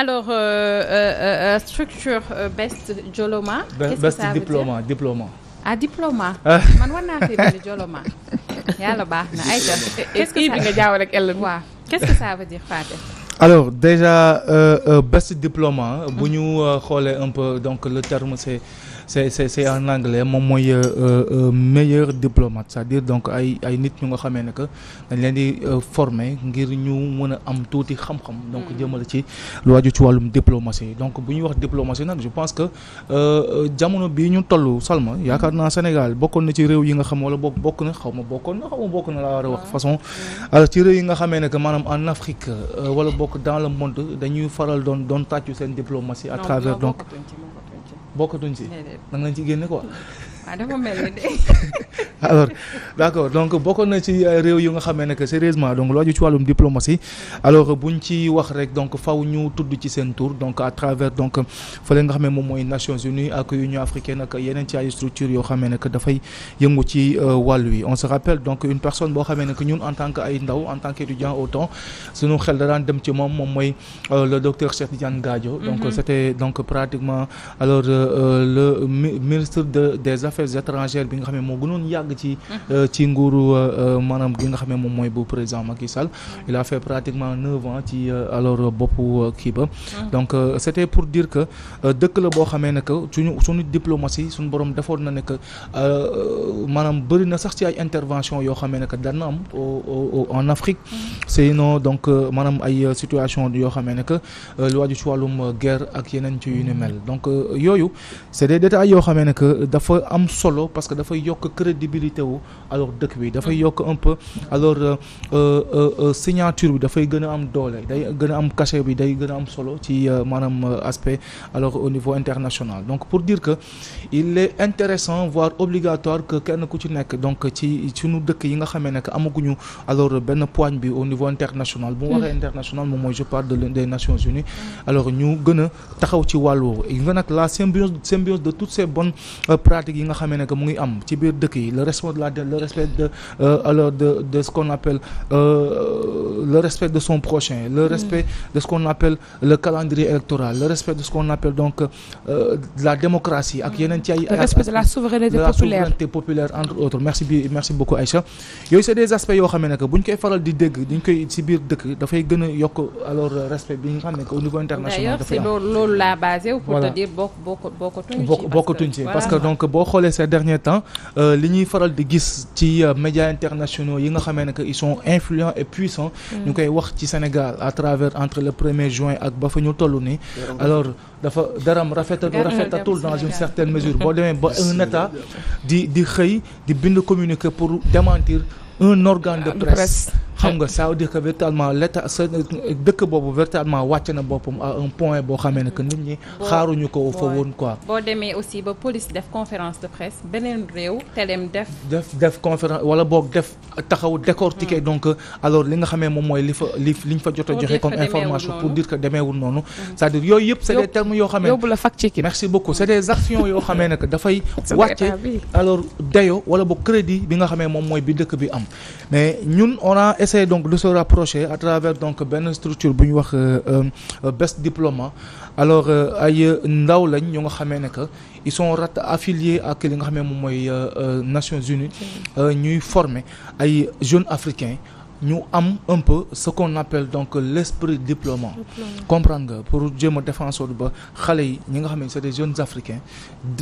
alors euh, euh, euh, euh structure euh, Best Joloma. qu'est-ce que ah diplôme. Ah. man war naa Joloma yàlla baax na ay qu'est-ce ce que ça veut dire Fatou. alors déjà Best Diplôme bu ñu xoolee un peu donc le terme c'est c'est c'est c'est en anglais moom mooy euh, euh, euh, meilleur diplomate c'est-à-dire donc ay ay nit ñu nga xamee ne que dañ leen di former ngir ñu mën a am tuuti xam-xam donc mm. jëmale ci lu waju ci wàllum diplomatie donc bu ñuy wax diplomatie nag je pense que jamono bii ñu toll Salma yaakaar naa Sénégal bokkoon na ci réew yi nga xam wala boog bokk na xaw ma bokkoon na xaw ma bokk na laa war a wax ah. façon ci réew yi nga xame ne que maanaam en Afrique wala bokk dans le monde dañuy faral doon doon tàccu seen diplomatie à travers donc bokkatuñ si. da nga leen ci génne quoi. waaw ah, dafa mel ni de. alors d' donc bokkoon na ci euh, réew yu nga xamee ne que sérieusement donc loo ju ci wàllum diplomatie alors buñ ci wax rek donc faw ñu tudd ci seen tour donc à travers donc fële nga xam ne moom mooy Nations Unies ak Union africaine ak yeneen ci ay structure yoo xamee ne dafay yëngu ci euh, wàll wi on se rappelle donc une personne boo xamee ne que ñun en tant que ay ndaw en tant que étudiant au suñu xel da daan dem ci moom moom mooy euh, mhm. de affaires étrangères bi nga xam ne moo gënoon yàgg ci mhm. euh, ci nguuru euh, euh, gi nga xam ne moom mooy bu président Macky Sall mhm. il a fait pratiquement neuf ans ci alors boppu kii ba mhm. donc c'était pour dire que dëkk la boo xamee ne que suñu suñu diplomatie suñu borom defoon na ne que maanaam bëri na sax ci ay intervention yoo xamee ne que dana am en Afrique sinon donc maanaam ay situation yoo xamee ne que lu waaju ci guerre ak yeneen ci yu ni mel donc yooyu c'est des détails yoo xamee am solo parce que dafay yokk bi dafay yokk un peu alors euh, euh, euh, bi dafay gën am doole day gën am cachet bi day gën am solo ci maanaam aspect alors au niveau international donc pour dire que il est intéressant voire obligatoire que kenn ku ci nekk donc ci suñu dëkk yi nga xamee ne que amaguñu alors benn poigne bi au niveau international bu mu waxee mm. international moom mooy je parle de des Nations Unies alors ñu gën taxaw ci wàll woowu nga nag la symbiose symbiose de toutes ces bonnes pratiques nga xamee ne mu ngi am ci biir dëkk yi le respect de la le respect de euh, alors de de ce qu'on appelle euh, le respect de son prochain le mm. respect de ce qu'on appelle le calendrier électoral le respect de ce qu'on appelle donc euh, de la démocratie ak mm. yeneen ci ay respect de la souveraineté populaire souveraineté populaire entre autres merci bi merci beaucoup yooyu c'est des aspects yoo xamee ne que bu ñu koy faral di dégg dañ koy ci biir dëkk dafay gën a yokk alors respect bi nga xam ne que au niveau international dafay loolu xoolee ces derniers temps euh, li ñuy faral di gis ci euh, médias internationaux yi nga xamee ne que ils sont influents et puissants. Mm. ñu koy wax ci Sénégal à travers entre le premier juin ak ba fa ñu toll nii. alors dafa daram rafetatu rafetatul dans une certaine mesure boo demee ba un état di di xëy di bind communiqué pour démentir un organe de ah, presse. xam nga ça veut dire que véritablement l'état sa dëkk boobu véritablement wàcc na boppam à point boo xamee ne nit ñi xaaruñu ko fa woon quoi boo demee aussi ba police def conférence de presse beneen réew teleem def def def conférence wala boog def taxaw décortiquer hmm. donc euh, alors li nga xamee moom mooy li fa li li fa jot a joxe comme information pour dire que demeewul noonu hmm. cest à yooyu yëpp c'est des termes yoo xamee yóbbu la fact yoo xamee ne que dafay wàcce ah alors dayo wala boog crédit bi nga xamee moom mooy bi dëkk bi am essayer donc de se rapprocher à travers donc benn structure bu ñu wax euh, euh, best diplôme alors euh, ay ndaw lañ ñu nga xamee ne que ils son rat affilier ak li nga xamee moom mooy Nations Unies ñuy former ay jeunes africains ñu am un peu ce qu'on appelle donc l'esprit diplômant comprendre nga pour jéem a défenseur ba xale yi ñi nga xam ne c'est des jeunes africains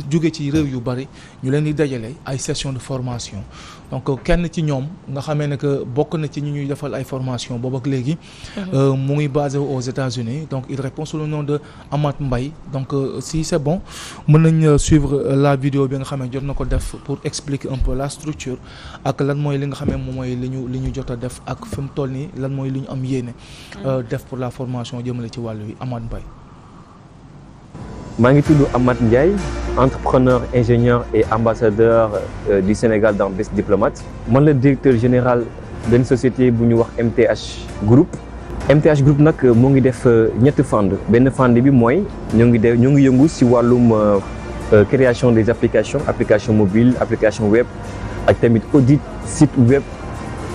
jóge ci réew yu bari ñu leen di dajale ay sessions de formation donc euh, kenn ci ñoom nga xamee ne bokk na ci ñu ñuy defal ay formation boobu ak léegi. Mhm. Euh, mu ngi basé aux États-Unis donc il répond sous le nom de Amath Mbaye donc euh, si c'est bon mën nañ suivre la vidéo bi nga xam jot na ko def pour expliquer un peu la structure ak lan mooy li nga xam ne moom mooy li ñu li ñu jot a def ak fi mu toll nii lan mooy li ñu am yéene. Mhm. def pour la formation jëmale ci wàllu wi amaat mbay maa ngi tudd Amath Ndiaye entrepreneur ingénieur et ambassadeur euh, du Sénégal dans Best Diplomate man la directeur général benn société bu ñu wax MTH Group MTH Group nag euh, moo ngi def euh, ñetti fànn benn fànn bi mooy ñoo ngi def ñoo ngi yëngu si wàllum création des applications application mobile application web ak tamit audit site web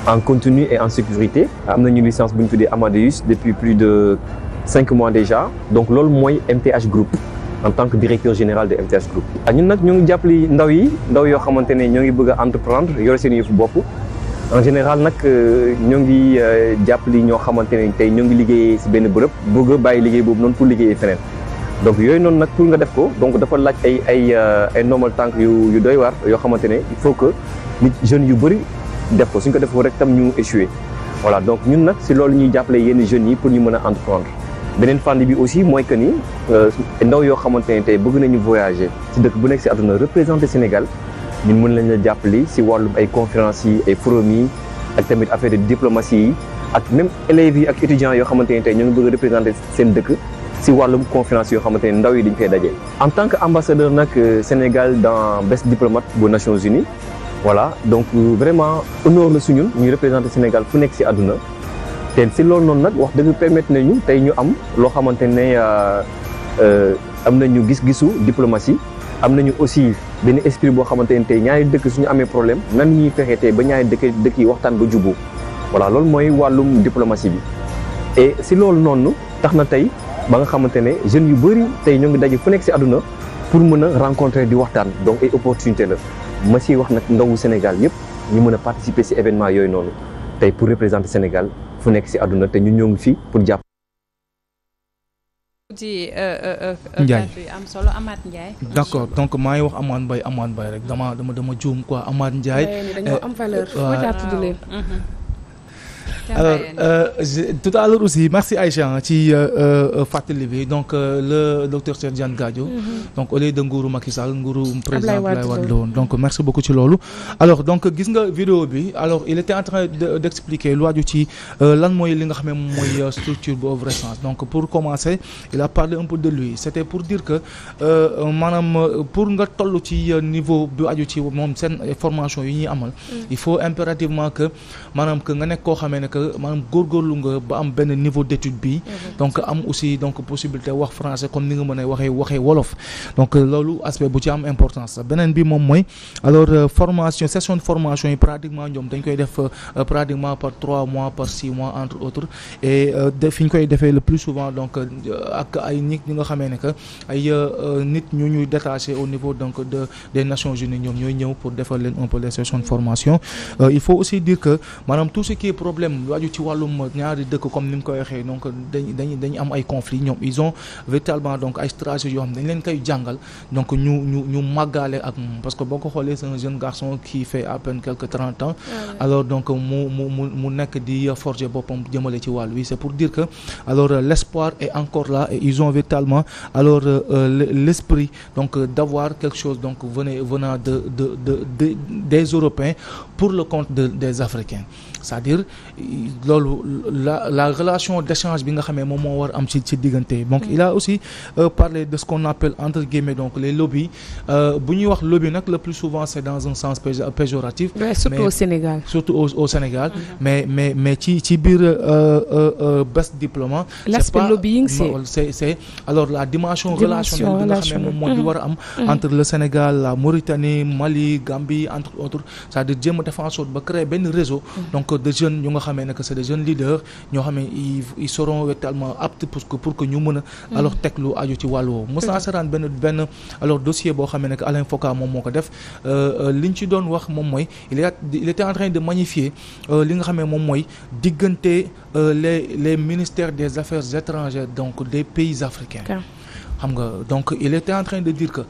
en continue et en sécurité am nañu licence bu ñu tuddee Amadeus depuis plus de cinq mois déjà donc loolu mooy MTH Group en tant que directeur général de MTS Group. Ah, ñun nag ñoo ngi jàppale ndaw yi ndaw yoo xamante ne ñoo ngi bëgg a entreprendre yore seen yëfu bopp en général nag euh, ñoo ngi euh, jàppale ñoo xamante ne tey ñoo ngi liggéeyee si benn bërëb bëgg a bàyyi liggéey boobu noonu pour liggéeyee feneen. donc yooyu noonu nag pour nga def ko donc dafa laaj ay euh, ay normal tànk yu yu doy waar yoo xamante ne il faut que nit jeunes yu bëri def ko suñ ko def ko rek tam ñu échoué voilà don ñun nag si loolu ñuy jàppale yenn jeunes yi pour ñu mën a entreprendre. beneen fànn bi aussi mooy que ni euh, ndaw yoo xamante ne tey bëgg nañu voyager ci dëkk bu nekk si àdduna représenté Sénégal ñun mën lañ la jàppali si wàllum ay conférences yi ay forum yi ak tamit affaire de diplomatie yi ak même élèves yi ak étudiants yoo xamante ne tey ñu ngi bëgg a représenté seen dëkk si wàllum conférence yoo xamante ne ndaw yi dañ fay daje. en tant que ambassadeur nag euh, Sénégal dans Best Diplomate bu Nations Unies voilà donc euh, vraiment honneur la su ñun ñuy représenté Sénégal fu nekk si àdduna. te si loolu noonu nag wax dëgg permettre nañu tey ñu am loo xamante ne euh, euh, am ñu gis-gisu diplomatie am nañu aussi benn esprit boo xamante ne tey ñaari dëkk suñu amee problème nan ñuy fexe tey ba ñaari dëkk dëkk yi waxtaan ba juboo voilà loolu mooy wàllum diplomatie bi. et si loolu noonu tax na tey ba nga xamante ne jeunes yu bëri tey ñoo ngi daje fu nekk si àdduna pour mën a rencontrer di waxtaan donc ay opportunité la ma siy wax nag ndawu Sénégal yëpp ñu mën a participer si événement yooyu noonu tey pour représenter Sénégal. fu nekk si àdduna te ñu ñoo ngi fi pour jàpp. di euh, euh, euh, Ndiaye am solo Amath Ndiaye. d' donc maa ngi wax Amath Mbaye Amath Mbaye rek dama dama dama juum quoi Amath Ndiaye. alors euh, tout à l'heure aussi merci Aïcha ci euh, euh, fàttali bi donc le docteur Cheikh Diane Gadio mhm. donc au lieu de nguuru Macky Sall nguuru président Abdoulaye Wade la woon donc merci beaucoup ci loolu alors donc gis nga vidéo bi alors il était en train d'expliquer lu waaju ci lan mooy li nga xam ne mooy structure bu vrai sens donc pour commencer il a parlé un peu de lui c'était pour dire que maanaam pour nga toll ci niveau bu aju ci moom seen formation yi ñuy amal mm. il faut impérativement que maanaam que que maanaam góorgóorlu nga ba am benn niveau d'étude bi donc am aussi donc possibilité wax français comme ni nga mën a waxee wolof donc loolu aspect bu ci am importance beneen bi moom mooy alors euh, formation session de formation yi pratiquement ñoom dañ koy def euh, pratiquement par trois mois par six mois entre autres et euh, fi koy defee le plus souvent donc ak ay nit ñi nga xamee ne que ay nit ñu ñuy détaché au niveau donc de des Nations Unies ñoom ñooy ñëw pour defal leen un peu les sessions de formation il faut aussi dire que maanaam tout ce qui problème lu aju ci wàllum ñaari dëkk comme ni mu koy waxee donc dañ dañ dañu am ay conflits ñoom ils ont véritablement donc ay stratégies yoo xam dañ leen koy jàngal donc ñu ñu ñu màggaale ak moom parce que boo ko xoolee c'est un jeune garçon qui fait à peine quelques trente ans ah alors donc mu mu mu mu nekk di forger boppam jëmale ci wàllu wi c'est pour dire que alors l'espoir est encore là et ils ont véritablement alors euh, euh, l'esprit donc euh, d'avoir quelque chose donc venant venant de de de des Européens pour le compte de des Africains c'est-à-dire loolu la la relation d'échange bi nga xamee moom moo war am ci ci diggante donc mm. il a aussi euh, parlé de ce qu'on appelle entre guillemets donc les lobbies euh, bu ñuy wax lobby nag le plus souvent c'est dans un sens péjoratif ouais, surtout mais, au Sénégal au, au Sénégal mm-hmm. mais mais mais ci ci biir euh, euh, best diplôme l'aspect lobbying c'est c'est alors la dimension relationnelle bi nga xamee moom moo war a am mm-hmm. entre le mm-hmm. Sénégal la Mauritanie Mali Gambie entre autres c'est-à-dire jéem a ba créer benn réseau encore de jeunes ñu nga xamee ne que c'est des jeunes leaders ñoo xam ne ils seront véritablement aptes pour que ñu mën a mm. teg lu aju ci wàll woowu mos naa benn benn alors dossier boo xamee ne que Alain Foka moom euh, euh, doon wax moom mooy il y a il en train de magnifier euh, li nga xamee moom mooy diggante le les ministères des affaires étrangères donc des pays africains xam nga donc il était en train de dire que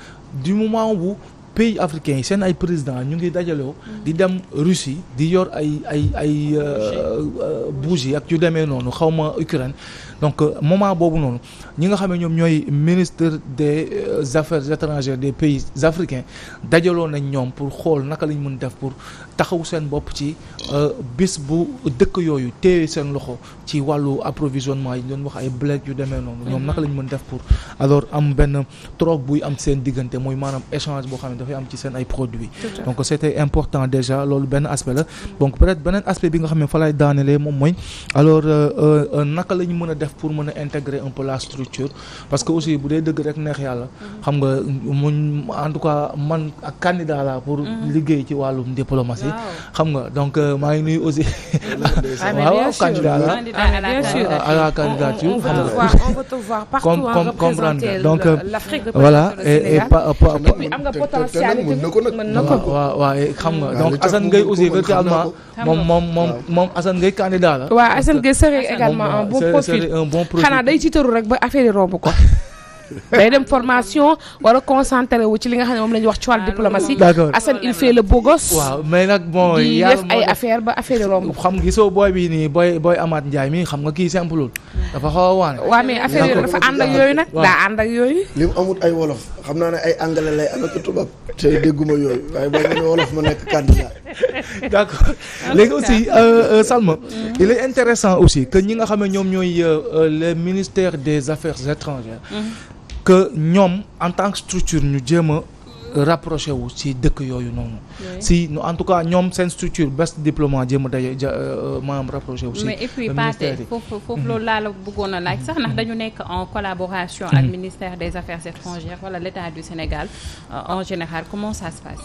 du moment où pays africains yi seen ay président ñu ngi dajaloo. di dem Russie di yor ay ay ay euh, euh, euh, bougie ak yu demee noonu xawma ma Ukraine donc euh, moment boobu noonu ñi nga xam ne ñoom ñooy ministre des euh, affaires étrangères des pays africains dajaloo nañ ñoom pour xool naka lañ mën def pour taxawu seen bopp ci euh, bis bu dëkk yooyu téye seen loxo ci wàllu approvisionnement yi doon wax ay blé yu demee noonu. ñoom naka lañ mën def pour alors am benn troc buy am seen diggante mooy maanaam échange boo xam ne dafay am ci seen ay produits. donc c'était important déjà loolu benn aspect la donc peut-être beneen aspect bi nga xam ne fa laay moom mooy alors naka lañ mën a def pour mën a intégrer un peu la structure parce que aussi bu dee dëgg rek neex yàlla xam nga muñ en tout cas man ak candidat la pour mhm. liggéey ci wàllum diplomatie xam nga donc euh, maa ngi nuyu aussi waaw candidat la à la an xam nga comme comprendre donc voilà et waaw waaw xam nga donc Assane Gueye aussi véritablement moom moom moom moom Assane Gueye candidat la waaw Assane Gueye serait également un bon profil xanaa day ci tëru rek ba affaire yi romb ko day dem formation war a concentré wu ci li nga xam ne moom la ñuy wax ci wàllu ah, diplomatie. d'accord Assane il fait la beau gosse. waaw mais nag bon yàlla ay affaire ba affaire romb. xam gisoo booy bii nii booy booy Amath Ndiaye mi xam nga kii simple dafa xaw waane. waaw mais affaire yooyu dafa ànd ak yooyu ànd ak yooyu. li ay wolof xam ne ay anglais lay am te dégguma yooyu waaye nekk candidat. aussi euh, euh, Salma. Mm. il est intéressant aussi ñi nga xam ne ñoom ñooy euh, le ministère des affaires étrangères. Mm. que ñoom en tant que structure ñu jéem a rapproché wu ci dëkk yooyu noonu si en tout cas ñoom seen structure best diplômant jéem a daje ja euh, maanaam rapproché aussi. mais et puis euh, Pathé foofu foofu mhm. loolu laa la a laaj sax ndax mhm. dañu nekk en collaboration. Mhm. ak ministère des affaires étrangères wala l' état du Sénégal euh, en général comment ça se passe.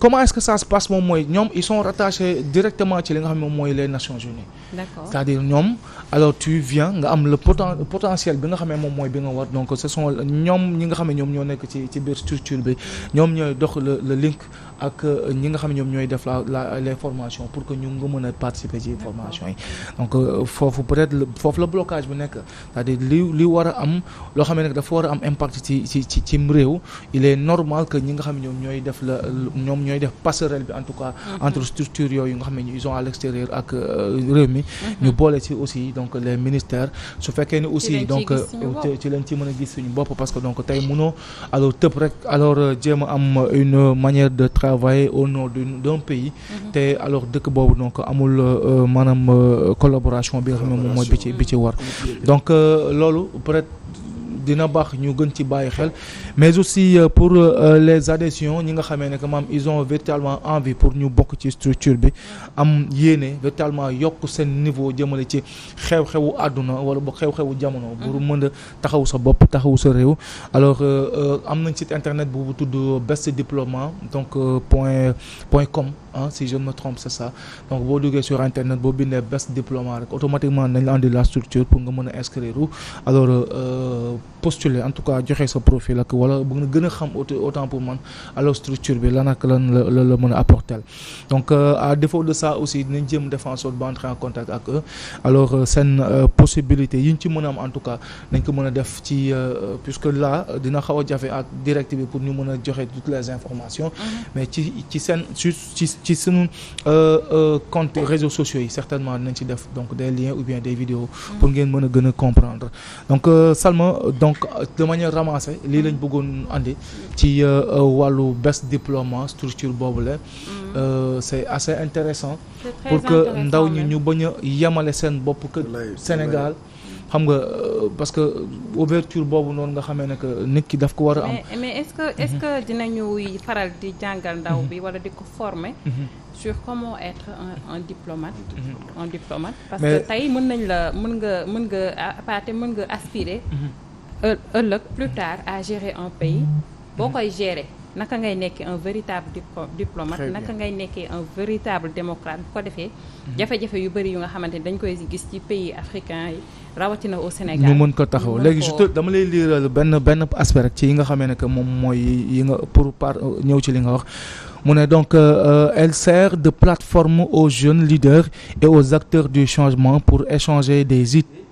comment est ce que ça se passe moom mooy ñoom ils sont rattachés directement ci li nga xam ne moom mooy les Nations Unies. d' à dire ñoom alors tu viens nga am le potentiel bi nga xam moom mooy bi nga war donc ce sont ñoom ñi nga xam ne ñoom ñoo nekk ci ci biir structure bi ñoom ñooy le le link ak euh, ñi nga xam ñoom ñooy def la la les pour que ñu nga mën a participer ci formation yi donc euh, foofu peut foofu la blocage bi nekk cest li li a am loo xam ne dafa war a am impact ci ci réew il est normal que ñi nga xam ñoom ñooy def la ñoom ñooy def passerelle bi en tout cas mhm. entre structures yooyu nga xam ne ils à l'extérieur ak euh, réew mi mhm. ñu boole ci aussi donc les ministères su fekkee ni aussi donc ci lañ ci mën a gis suñu bopp parce a une manière de travailler au nom d'un pays mhm. te alors dëkk boobu donc amul euh, maanaam euh, collaboration bi nga xam moom mooy bi ci bi war donc euh, loolu peut dina baax ñu gën ci bàyyi xel mais aussi euh, pour euh, les adhésions ñi nga xamee ne que maam ils ont véritablement envie pour ñu bokk ci structure bi am yéene véritablement yokk seen niveau jëmale ci xew-xewu àdduna wala bu xew-xewu jamono. pour mm-hmm. mën a taxaw sa bopp taxawu sa réew alors euh, am nañ site internet bu tudd best diploma donc point point com. 1 si je me trompe c'est ça donc boo duggee sur internet boo bindee best diplôme rek automatiquement nañ la la structure pour nga mën a inscrire ou alors euh, postuler en tout cas joxe sa profil ak bu nga gën a xam autant pour structure bi lan ak la la mën a apporter donc euh, à défaut de ça aussi dinañ jéem def ba entrer en contact ak eux alors euh, seen possibilité yi ñu ci mën a am en tout cas nañ ko mën a def ci puisque là dina xaw a ak direct bi pour ñu a joxe toutes les ci sunu euh, euh, compte réseaux sociaux yi certainement nañ ci def donc des liens ou bien des vidéos pour ngeen mën a gën a comprendre donc euh, Salma donc de manière lii lañ bëggoon andi ci wàllu bes diplôme structure boobu la mm. c'est assez intéressant pour que ndaw ñi ñu bañ a yemale seen bopp que Sénégal xam nga euh, parce que euh, ouverture boobu noonu nga xamee ne que nit ki daf ko war a am. mais est-ce que est-ce mhm. que dinañuy faral di jàngal ndaw bi mhm. wala di ko former. Mhm. sur comment être un diplomate. un diplomate parce que tey mën nañ la mën nga mën nga aparte mën nga aspirer. ëllëg plus tard à gérer un pays boo koy gérer. naka ngay nekkee un véritable diplomate naka ngay nekkee un véritable démocrate bu ko defee mhm. jafe-jafe yu bëri yu nga xamante ni dañ koy gis ci pays africain yi rawatina au Sénégal ñu mën ko taxaw léegi juste dama lay liiral benn benn aspect rek ci yi nga xamee ne que moom mooy yi nga pour par ñëw ci li nga wax mu ne donc euh, euh elle sert de plateforme au jeunes leaders et aux acteurs du changement pour échanger des idées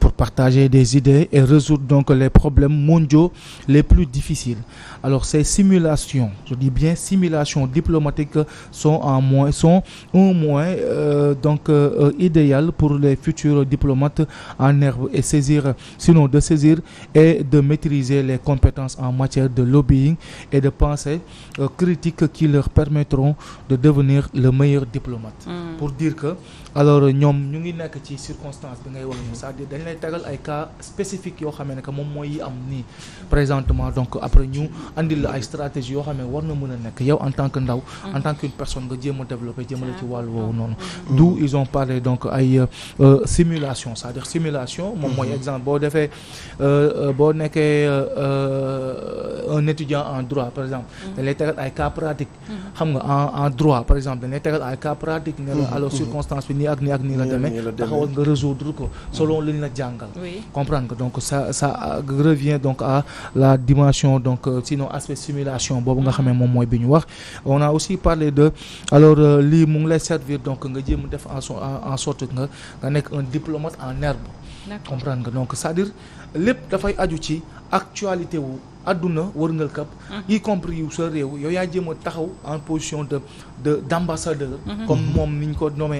pour partager des idées et résoudre donc les problèmes mondiaux les plus difficiles. Alors ces simulations, je dis bien simulations diplomatiques sont en moins sont au moins euh, donc euh, idéales pour les futurs diplomates en herbe et saisir sinon de saisir et de maîtriser les compétences en matière de lobbying et de pensée euh, critique qui leur permettront de devenir le meilleur diplomate. Mm. Pour dire que alors euh, ñoom ñu ngi nekk ci circonstance bi ngay wax ñu cest à dañ lay tegal ay cas spécifiques yoo xam ne moom mooy yi am nii présentement donc après ñu andil ay stratégie yoo xam ne war na mën a nekk yow en tant que ndaw mm. en tant qu'une personne nga jéem a développé jëmale ci wàllu noonu d'où mm. ils ont parlé donc ay euh, euh, simulation cest à moom mm-hmm. mooy exemple boo defee boo nekkee un étudiant en droit par exemple mm. dañ lay tegal ay cas pratiques mm-hmm. xam nga en en droit par exemple dañ lay tegal ay cas pratiques mm-hmm. ne la circonstance bi nii ak nii ak nii la demee taxawal nga résoudre ko selon li ñu la jàngal comprendre que donc ça ça revient donc à la dimension donc euh, sinon aspect simulation boobu nga xamee mhm. moom mooy bi ñu wax a aussi parlé de alors euh, lii mu ngi lay servir donc nga jéem def en en sorte nga dire lépp dafay aju ci actualité wu àdduna wërngal kap mhm. y yu sa réew yow yaa jéem a taxaw en position de de d' ambassadeur. Mhm. comme moom ni ñu mhm.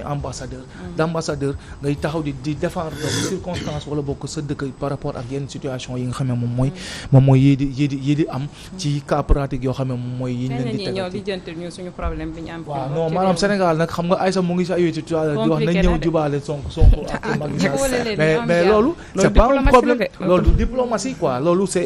ngay taxaw di di défendre circonstance wala bokk sa dëkk par rapport ak yenn situation yi nga xam ne moom mooy mhm. moom mooy yii di yii di yii di am. ci cas pratique yoo xam ne moom mooy. yi ñu leen di tegal ñoo waaw maanaam Sénégal nag xam nga Aïssa mu ngi si ayoo di wax nañ ñëw jubaale Sonko Sonko ah, ak Macky mais loolu. c' pas un problème loolu du diplomatie loolu c'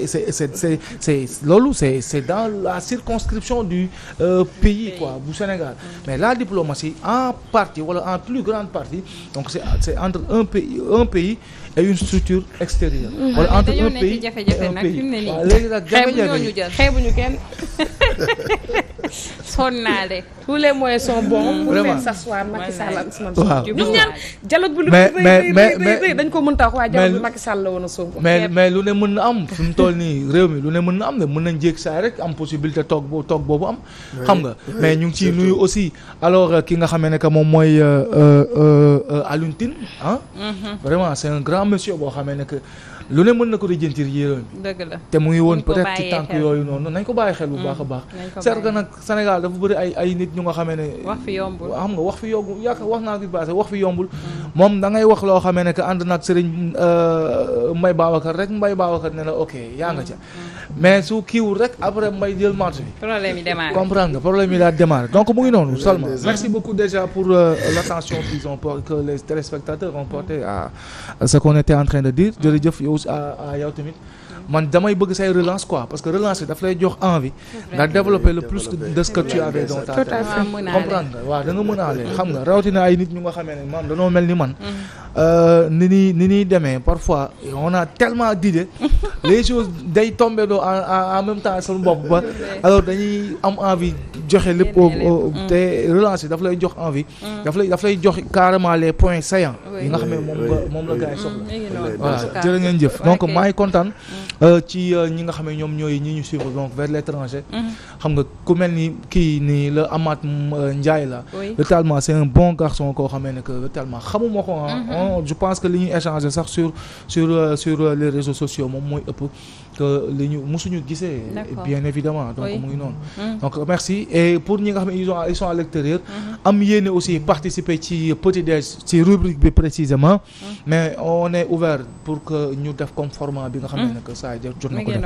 est c' dans la circonscription du euh, pays quoi bu Sénégal. Sénégal mais la diplomatie en partie wala en plus grande partie donc c'est c'est entre un pays un pays et une structure extérieure mm-hmm. ah, entre un pays et un pays léegi nag jafe-jafe xeebuñu kenn sonn naa de. tous les moyens sont bons. Mm. vraiment pour faire s'asseoir Macky Sall ak Ousmane Sonko. mais ñaar dañ ko mën tax waaye dialogue bi Macky Sall la woon mais mais lu ne mën na am fi mu toll nii réew mi lu ne mën na am de mën na jéeg saa rek am possibilité toog boo toog boobu am. xam nga mais ñu ngi ciy nuyu aussi alors euh, ki nga xamee ne que moom mooy euh, euh, Alioune Tine ah. vraiment c'est grand monsieur boo xamee ne lu ne mën na ko lijjantir yéeroon la te mu ngi woon peut être ci tànk yooyu noonu nañ ko bàyyi xel bu mm. baax a baax seet que nag Sénégal dafa bëri ay nit ñu nga xamee ne wax fi yombul wax fi yombul yaakaar mm. wax naa ko passé wax fi yombul mm. moom da ngay wax loo xamee ne que ànd nag sëriñ euh, Mbaye Babacar rek Mbaye Babacar ne la ok yaa nga ca mais su kiiwul rek après Mbaye jël marché bi problème yi démarré comprendre nga problème yi daal démarré donc mu ngi noonu seulement merci beaucoup déjà pour euh, l'attention qu'ils ont que les téléspectateurs ont porté à ce qu'on était en train de dire aussi à yow tamit man damay bëgg say relance quoi parce que relance bi daf lay jox envie nga développer le plus de ce que tu avais dans ta tête ñu nga xamee ne man danoo mm. euh, a tellement d'idées les choses day tombé en même temps suñu bopp ba alors dañuy am envie joxe lépp te mm. relance bi daf lay jox envie mm. daf lay jox carrément les points yi nga xam ne moom la gars yi soxla mm, voilà jërë ngeen jëf donc maa ngi kontaan mm. euh, ci euh, ñi nga xam ne ñoom ñooy ñi ñu suivre donc vers l'étranger mm-hmm. xam nga ku mel ni kii nii la Amath euh, Ndiaye la véritablement c'est un bon garçon koo xamee ne que véritablement xamuma ko mm-hmm. je pense que li ñuy échanger sax sur sur sur les réseaux sociaux moom mooy ëpp que li ñu suñu gisee. bien évidemment donc mu ngi noonu. Mm. Mm. donc merci et pour ñi nga xam ne ils ont ils mm-hmm. am yéene aussi participer ci petit déj ci rubrique bi précisément. Mm. mais on est ouvert pour que ñu def comme format bi nga xam ne que saa jot na ko def.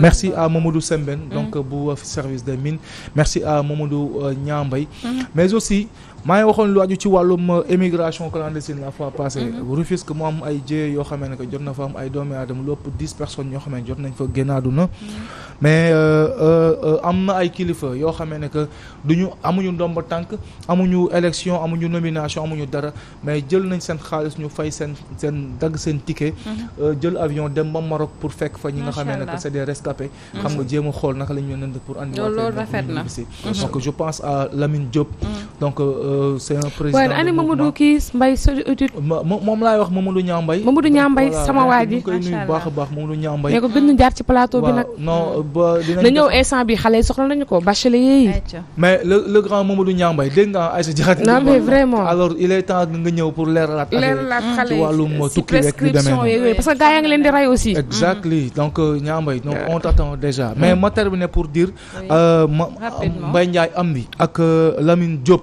merci à Mamadou Sembène donc bu service de mines merci à Mamadou euh, Niambay mm-hmm. mais aussi maa ngi waxoon lu aju ci wàllum euh, émigration clandestine la fois passée. Mm-hmm. Rufisque mu am ay jëye yoo xamee ne jot na fa am ay doomi aadama lu ëpp dix personnes yoo xam ne jot nañ fa génn àdduna. Mm-hmm. mais euh, euh, am na ay kilifa yoo xamee ne que duñu amuñu ndomba tànk amuñu élection amuñu nomination amuñu dara mais jël nañ seen xaalis ñu fay seen seen dagg seen ticket. Mm-hmm. jël avion dem ba Maroc pour fekk fa ñi nga xamee ne que c'est des rescapés. xam nga jéem a xool naka la ñu leen pour andi. loolu rafet na donc pense à Lamine Diop Euh, c'est un président waaye ani Mamadou kii moom laay wax Mamadou Niambay Mamadou Niambay sama waa ji koy nuyu baax a ba dinañ na ñëw instant bi xale yi soxla nañu ko bachelier yi mais le le grand Mamadou Niambay dégg nga Aïssa Diakhaté non mais ma terminer pour dire euh, ma Mbaye Ndiaye am bi ak euh, Lamine Diop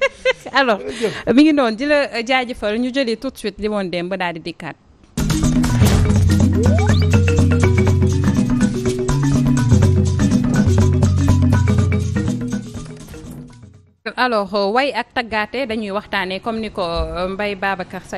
alors mi ngi noonu di la jaajëfal ñu jëlee tout de suite li dem ba daal di dikkaat. alors way ak taggaate dañuy waxtaanee comme ni ko euh, mbay Babacar Seye